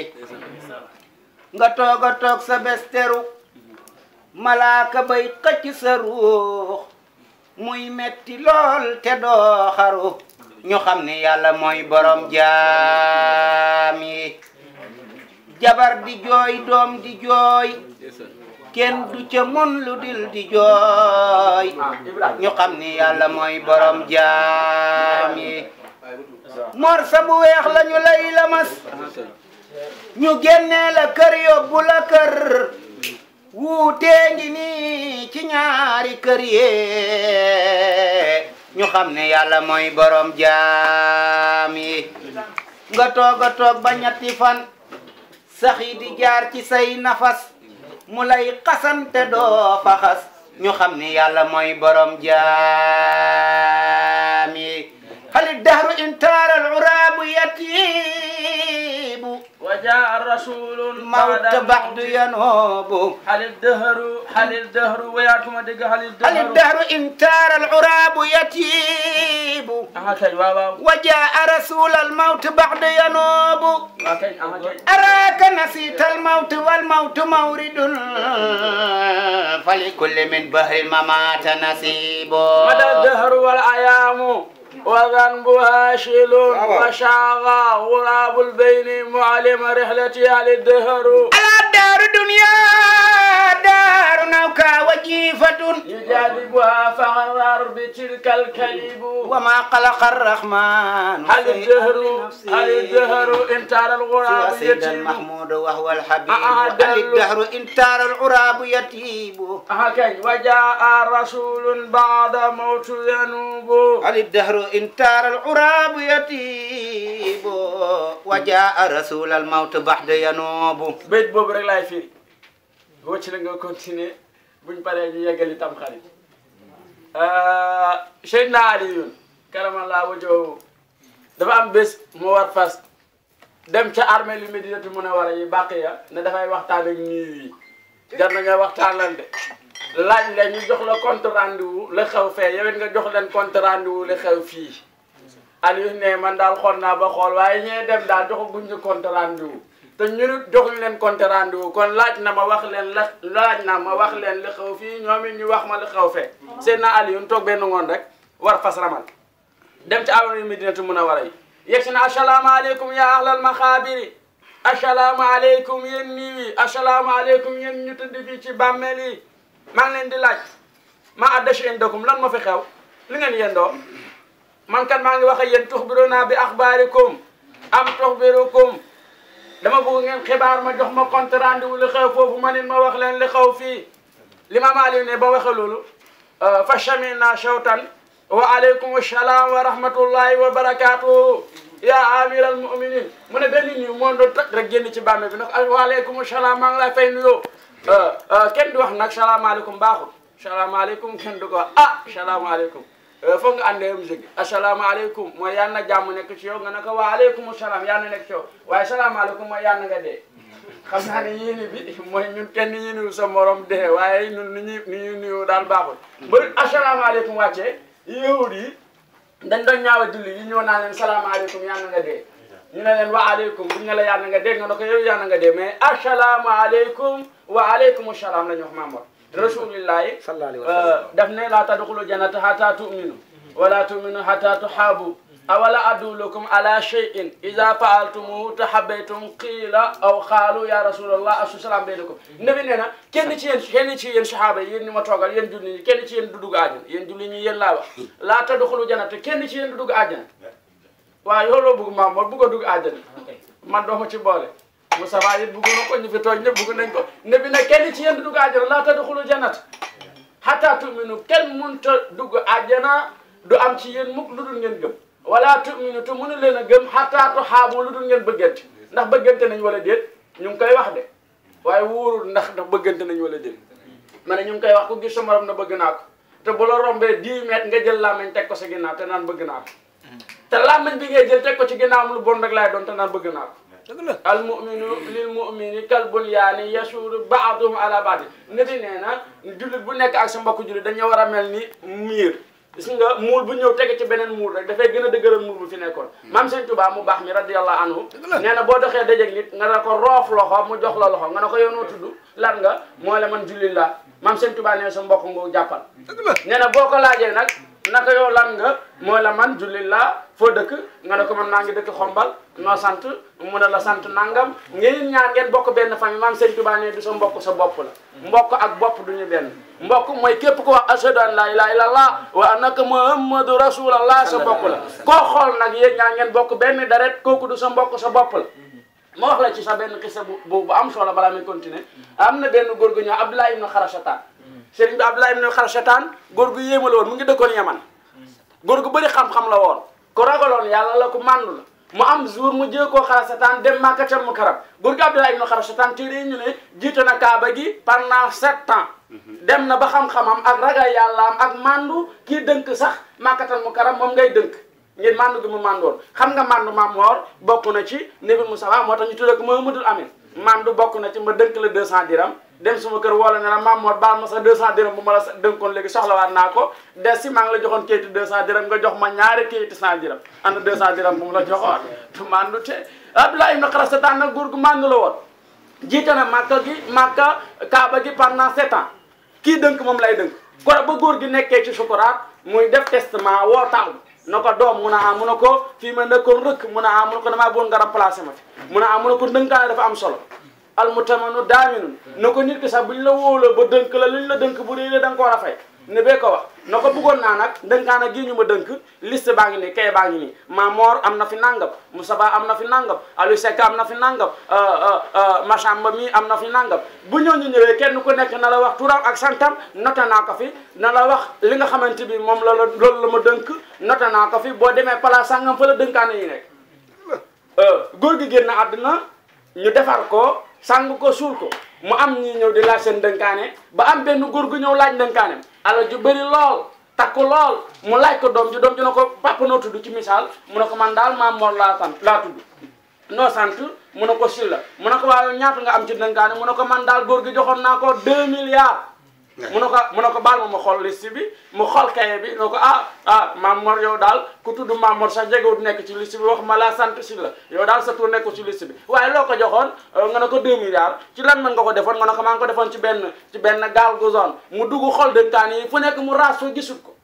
yi nga toog a toog sa bés malaaka bay xëcc sa ruux muy metti lool te doo ñu xam ne yàlla mooy borom jaam yi jabar di jooy doom di jooy kenn du ca mun lu dil di jooy ñu xam ni yàlla mooy borom jaam yi mor bu weex lañu lay lamas ñu génnee la kër yóbbu la kër wuutee ngi ni ci ñaari kër yé ñu xamné yalla moy borom jaam nga ba ñatti fan sax di jaar ci say nafas mu lay tedo do fa xas ñu xamné yalla moy borom jaam yi dahru al urab yati وجاء الرسول موت بعد ينوب هل الدهر هل الدهر وياكم دق هل الدهر هل الدهر إن تار العراب يتيب وجاء رسول الموت بعد ينوب أراك نسيت الموت والموت مورد فلكل من بهر الممات نسيب مدى الدهر والأيام وذنبها شيل وشاغا غراب البين معلم رحلتي على الدهر على الدار الدنيا وجهك وجيفة يجاذبها فغرر بتلك الكلب وما قلق الرحمن هل الدهر هل الدهر إن تار الغراب يتيب المحمود وهو الحبيب هل الدهر إن تار الغراب يتيب وجاء رسول بعد موت ينوب هل الدهر إن تار الغراب يتيب وجاء رسول الموت بعد ينوب بيت بوب لايفي لاي فيري هو تشلنغو كونتيني bu buñ paree ñu yeggali tam xarit euh, Seydina Aliyun karamallaahu wajhahu dafa am bés mu war fas dem ca armée li a Munawwara yi bàq ya ne dafay waxtaan ak niiw yi jar na nga waxtaanal de laaj la ñu jox la contrand rendez la xew fee yow nga jox leen compte rendez-vous la xew fii Aliyun ne man daal xool naa ba xool waaye ñee dem daal joxaguñ ñu compte rendez-vous te ñun jox leen compte rendu kon laaj na ma wax leen la laaj na ma wax leen li xew fii ñoom it ñu wax ma li xew fee seen na Alioune toog benn ngoon rek war fas ramal dem ci avenue Medinatu Munawara yi yegg si na asalaamaaleykum yaa ahlal maxaabiri asalaamaaleykum yéen niiw yi asalaamaaleykum yéen ñu tëdd fii ci bàmmeel yi maa ngi leen di laaj ma addache indakum lan ma fi xew li ngeen yendoo man kat maa ngi wax ak yéen tuxbiruna bi axbaarikum am tuxbirukum دما بوغ نين خبار ما جوخ ما كونت راندو لي خاو فوفو مانين ما واخ لين لي خاو في لي ماما علي ني با واخا لولو فشمينا شوطان وعليكم السلام ورحمه الله وبركاته يا امير المؤمنين من بن ني موندو تك رك ген سي بامي بي نخ وعليكم السلام ما لا فاي نيو كين دي واخ نك السلام عليكم باخو السلام عليكم كين دوكو اه السلام عليكم Eh, foog nga àndee musique bi asalaamaaleykum mooy yal na jàmm nekk ci yow nga ne ko waa salaam yal na nekk ci yow waaye salaamaaleykum mooy yal na nga dee xam naa ne yéene kenn ñu morom dee waaye ñun nu ñuy nu ñuy nuyu daal baaxul mbëri asalaamaaleykum wàccee yahud yi dañ doon ñaawa julli yi ñëw naa leen salaamaaleykum yal na nga dee ñu ne leen wa aleykum buñ ne la yal na nga dee nga ne ko yow na nga dee mais asalaamaaleykum wa aleykum salaam la ñu wax Mor rasulillahi sallallahu alayhi wa euh, sallam daf ne laa tadxulu jannata hatta tuminu wala tuminu hatta tuhabu awala adulukum ala cheyin ida faaltumuhu tahabaytum qiila aw xaalu ya rasulallah asu salaam beynakum nabi nee na kenn ci yéen kenn ci yéen sahaaba yi yéen ñu ma toogal yéen julli ñi kenn ci yéen du dugg àjjana yéen julli ñi laa wax hmm. laa tadxulu jannata kenn ci yéen du dugg àjjana hmm. waaw yow loo bëgg maam bëgg a dugg àjjana hmm. man doo ma ci boole Moustapha it bëggoon na ko ñu fi toog ñëpp bëgg nañ ko ne bi nag kenn ci hatta tuminu minu kel a dugg ajar du am ci muk mukk lu dul ngeen gëm wala tuminu te mënu leen hatta tuh habu dul ngeen bëggante ndax bëggante nañ wala déet ñu ngi koy wax de waaye wóorul ndax ndax bëggante nañ wala déet ma ne ñu ngi koy wax ku gis sa morom na bëgg naa ko te bu la rombee 10 mètres nga jël ko te naan bëgg te bi ngay jël ko ci lu bon rek te naan bëgg dëgg la al muminu lil mumini kal bunyaani yasuuru baaduhum ala baadi nit yi nee jullit bu nekk ak sa mbokk jullit dañu war a mel ni miir gis nga muul bu ñëw tege ci beneen muul rek dafay gën a dëgëral muul bu fi nekkoon hmm. maam sëñ Tuubaa mu baax mi radiyallahu anhu nee na boo doxee dajeeg nit nga ne ko roof loxo mu jox la loxo nga ne ko yow noo tudd lan nga moo la man jullit la maam sëñ Tuubaa nee na sa mbokk nga jàppal nee na boo ko laajee nag naka yo lan nga mooy la man julli la fo dekk nga ne ko man maa dekk xombal no sante mu ne la sante nangam ngeen ñaan ngeen bokk ben fami maam sëñ touba ne du so mbokk sa bop la mbokk ak bop duñu ben mbokk moy kep ko wax ashhadu an la ilaha illallah wa annaka muhammadu rasulullah sa bop la ko xol nak ye ñaan ngeen bokk benn deret kooku du so mbokk sa bop la mo wax la ci sa ben xisa bu am solo bala mi continuer am ben gorgu ñu Abdullah ibn Abdoulaye sëriñ bi Abdoulaye ibn Xarsataan góor gu yéeme la woon mu ngi dëkkoon Yaman góor gu bëri xam-xam la woon ku ragaloon yàlla la ku màndu mu am jour mu jël koo Xarsataan dem Makkatal Mukarram góor gu Abdoulaye ibn Xarsataan téere ñu ne jiite na Kaaba gi pendant sept ans dem na ba xam-xamam ak ragal yàllaam ak màndu kii dënk sax Makkatal karam moom ngay dënk ngeen màndu gi mu màndoon xam nga màndu maam Moor bokk na ci Nabi Musaa moo tax ñu tuddee mu Muhammadul Amin màndu bokk na ci ma dënk la deux cent dirham dem suma kër woo la ne la maam Mor baal ma sa 200 dërëm bu ma la dënkoon léegi soxlawaat naa ko des si maa ngi la joxoon kayitu 200 dërëm nga jox ma ñaari kayitu 100 dërëm ana 200 dërëm bu mu la joxoon tu mandu te Abdoulaye ibn Xarasa taan nag góor gu mandu la woon jiite na Màkka gi Màkka Kaaba gi pendant 7 ans kii dënk moom lay dënk kon bu góor gi nekkee ci sukuraat muy def testament woo taaw na ko doom mun a am mun a ko fii ma nekkoon rëkk mun a am mun a ko damaa bëggoon nga ma fi mun a am mun a ko ndënkaane dafa am solo almutamanu daaminun na ko nit ki sax ñu la wóoloo ba dënk la luñ la dënk bu rëy la da nga ko a wax na ko buggoon naa nag dënkaana gi ñu ma dënk liste baa ngi nii kay baa ngi nii ma moor am na fi nangam Moustapha am na fi nangam Aliou Seck am na fi nangam euh, euh, euh, Machamba mii am na fi nangam bu ñu ñëwee kenn ku nekk na la wax turam ak santam noté naa ko fi na la wax li nga xamante bi moom la la loolu la ma dënk noté naa ko fi boo demee place sangam fa dënkaana yi nekk gi génn àdduna ñu defar ko sàng ko suul ko mu am ñi ñëw di laaj seen dënkaane ba am benn góor gu ñëw laaj ndënkaaneem alal ju bëri lool takku lool mu laaj ko doom ji doom ji na ko papa noo tudd ci misaal mu ne ko man daal maam Mor laa sant laa tudd noo sant mu na ko Sylla mu ne ko waaye ñaata nga am ci dënkaane mu ne ko man daal góor gi joxoon naa ko deux milliards mu ne ko mu ne ko baal ma ma xool liste bi mu xool kaye bi ne ko ah ah Mame Mor yow daal ku tudd Mame Mor sax jegewut nekk ci liste bi wax ma la sant si la yow daal sa tur nekku ci liste bi waaye loo ko joxoon euh, nga ne ko 2 milliards ci lan mën nga ko defoon nga ne ko maa ko defoon ci benn ci benn gaal gu zone mu dugg xool dënkaan yi fu nekk mu raas fa gisul ko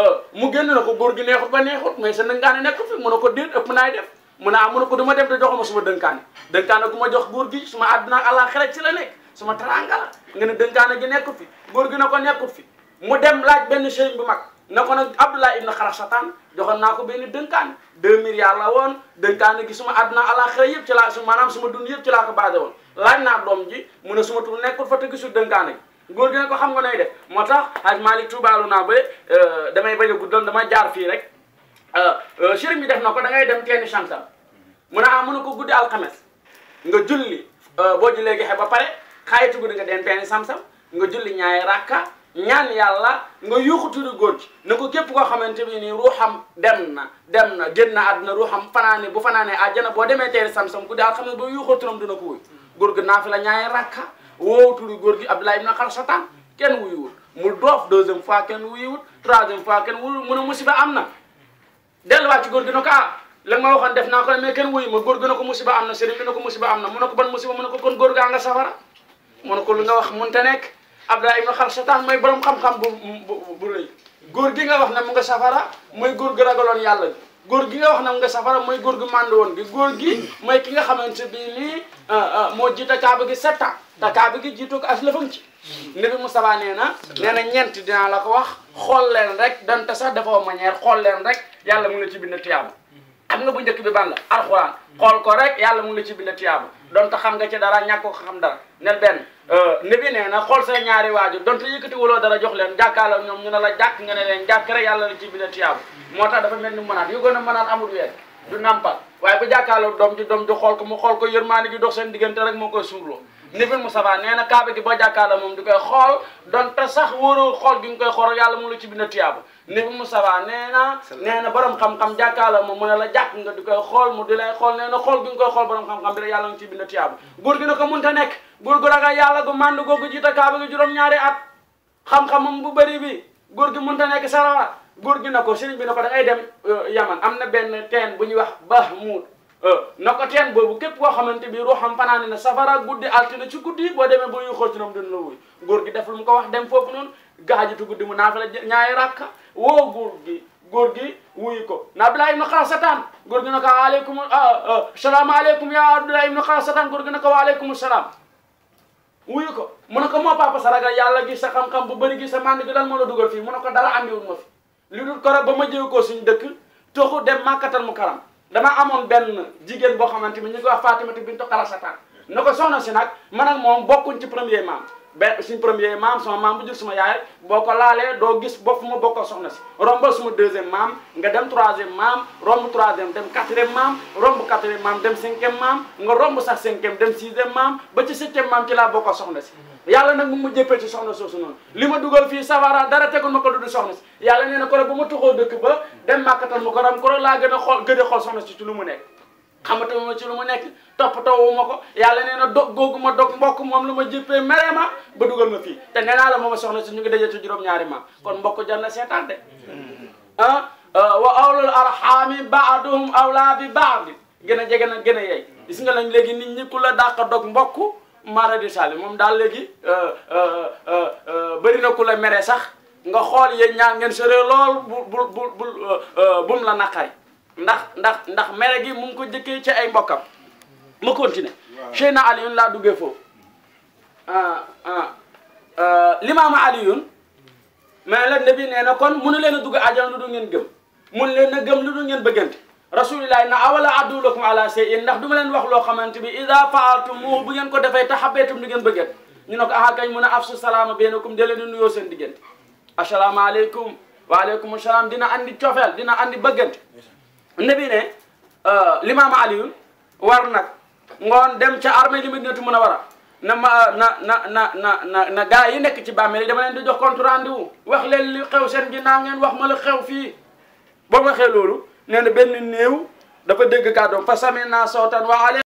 euh, mu génn na ko góor gi neexut ba neexut mais sa dënkaane nekk fi mu ne ko déet ëpp naay def mu ne ah, mu ne ko du ma dem te joxuma suma dënkaane dënkaane gu ma jox góor gi suma àdduna ak àllaaxira ci la nekk suma teranga nga ne denkaane gi nekku fi góor gi nako nekku fi mu dem laaj ben sëriñ bu mag na ko ibn xaraxsatan joxoon naa ko benn dënkaan milliards la won dënkaan gi suma ala alaxira yeb ci la suma manam suma dund yeb ci la ko basé won laaj na dom ji mu ne suma tu nekku fa te gisul dënkaan gi gi nako xam nga noy def motax haj malik na be euh damay bañ guddal dama jaar fi rek euh, euh, sëriñ bi def nako da ngay dem teeni chantal mu ne ah mu ko guddi khamis nga julli euh, bo ji ba pare kayitugude nga den peene sam sam nga julli nyai rakka ñaan yalla nga yuuxutude góor gi na ko képp koo xamante ni ruham demna na genna adna ruham fanane bu fanane àjjana boo demee sam sam ku dal xam bu boo yuuxaturam dina ko wuy gor gu naa fi la ñaayi rakka woowtude góor gi Abdoulaye ibn ken wuy wut mu dof deuxième fois wuy wut troisième fois ken wuy mu musiba amna na delluwaat ci góor gi na ah, la nga ma def na ko mais ken wuy ma gor gu nako musiba amna serigne nako musiba amna mu nako ban musiba mu nako kon gor ga nga safara mon ko lu nga wax munta nek abdullah ibn xarsataan moy borom xam-xam bu bu reuy gor gi nga wax na mu nga safara moy gor gu ragalon yalla gor gi nga wax na mu nga safara moy gor gu mand won gi gor gi moy ki nga bi ah, ah, gi setta da ka gi ko ci nabi mustafa neena na ñent dina la ko wax xol leen rek donte sax dafa ñeer xol leen rek yalla mu ngi ci bind tiyaaba xam nga bu bi ban la alquran xol ko rek yalla mu ngi ci bind donte xam nga ci dara ñàkk ko xam dara nel benn euh, ne nee na xool say ñaari waajur donte yëkkati wuloo dara jox leen jàkkaarloo ñoom ñu ne la jàkk nga ne leen jàkk yàlla la ci bina tiyaabu moo tax dafa mel ni mënaat yu gën a mënaat amul weer du nampal waaye bu jàkkaarloo doom ji doom ji xool ko mu xool ko yërmaani gi dox seen diggante rek moo koy suurloo nifil mu sabaa nee na kaaba gi boo jàkkaarloo moom di koy xool donte sax wóorul xool gi nga koy xool yàlla mu la ci bind tiyaabu nifil mu sabaa nee na nee na borom xam-xam jàkkaarloo moom mu ne la jàkk nga di koy xool mu di lay xool nee na xool gi ko koy xool borom xam-xam bi la yàlla nga ci bind tiyaabu buur gi na ko munta nekk buur gu ragal a gu mànd googu jiite kaaba gi juróom-ñaari at xam-xamam bu bëri bi góor gi munta nekk sarawa góor gi na ko sëriñ bi na ko da ngay dem euh, yaman am na benn teen bu ñuy wax bahmuud Euh, naka teen boobu képp koo xamante bi ruuxam fanaani na safara guddi altine ci guddi boo demee ba yuy xool ci noonu dina la wuy góor gi def mu ko wax dem foofu noonu gaajitu guddi mu naa naafila ñaari rakka woo góor gi góor gi wuyu ko na Abdoulaye ibnu Xarasatan góor gi na ko waaleykum ah, ah, salaamaaleykum ya Abdoulaye ibnu Xarasatan góor gi na ko waaleykum salaam wuyu ko mu ne ko moo papa sa ragal yàlla gi sa xam-xam bu bëri gi sa mànd gi lan moo la dugal fii mu ne ko dara andiwul ma fi li dul koro ba ma jëw koo suñu dëkk toxu dem màkkatal mu karam dama amoon benn jigéen boo xamante ni ñu ngi wax Fatimatu bintu Xarasata na ko soxna si nag man ak moom bokkuñ ci premier maam benn suñ premier maam sama maam bu jur suma yaay boo ko laalee doo gis bopp ma bokkoo soxna si rombal suma deuxième maam nga dem troisième maam romb troisième dem quatrième maam romb quatrième maam dem cinquième maam nga romb sax cinquième dem sixième maam ba ci septième maam ci laa bokkoo soxna si yalla nak mu ma jëppee ci soxna soosu non lima duggal dugal fii dara tegul mako dudd soxna yalla yàlla na ko la bu ma tuxoo ba dem makatal mu ko ram ko la gëna xol gëde xol soxna ci lu mu nekk xamata mo ci lu mu nekk top wu mako yalla yàlla dog googu ma dog mbokk mom luma merema ba duggal ma fi te nee la mooma soxna ci ñu ngi ci juroom ñaari ma kon mbokk janna setan de hmm. ah, ah wa awlul arham baaduhum awlaa bi ba'd gëna a gëna yey gis nga lañ léegi nit ñi ku la dog mbokk mara di moom daal léegi euh, euh, euh, bëri na ku la mere sax nga xool yéen ñaar ngeen sëree lool bu bu bu bu bum la naqari ndax ndax ndax mere gi mu ngi ko jëkkee ci ay mbokkam ma continuer Cheikh na Alioune laa duggee foofu ah, ah, limaama Alioune mais la nabi nee na kon mënu leen dugg àjjana lu du ngeen gëm mun leen a gëm lu du ngeen bëggante rasulillahi na awala adulakum ala shay'in ndax du ma leen wax loo xamante bi ida faaltumuhu bu ngeen ko defee taxabeetum di ngeen bëgget ñu ne ko aha kañ mun a afsu salaama beenakum da leen di nuyoo seen diggante asalaamaaleykum waaleykum salaam dina andi cofeel dina andi bëggante nabi ne euh, limaam Aliyun war nag ngoon dem ca armée li Madinatu Munawwara na ma a na na na na na gars yi nekk ci bàmmeel yi dama leen di jox compte wax leen li xew seen ginnaaw ngeen wax ma la xew fii boo waxee loolu nee na benn néew dafa dégg kàddoom fa sami naa sawtan wa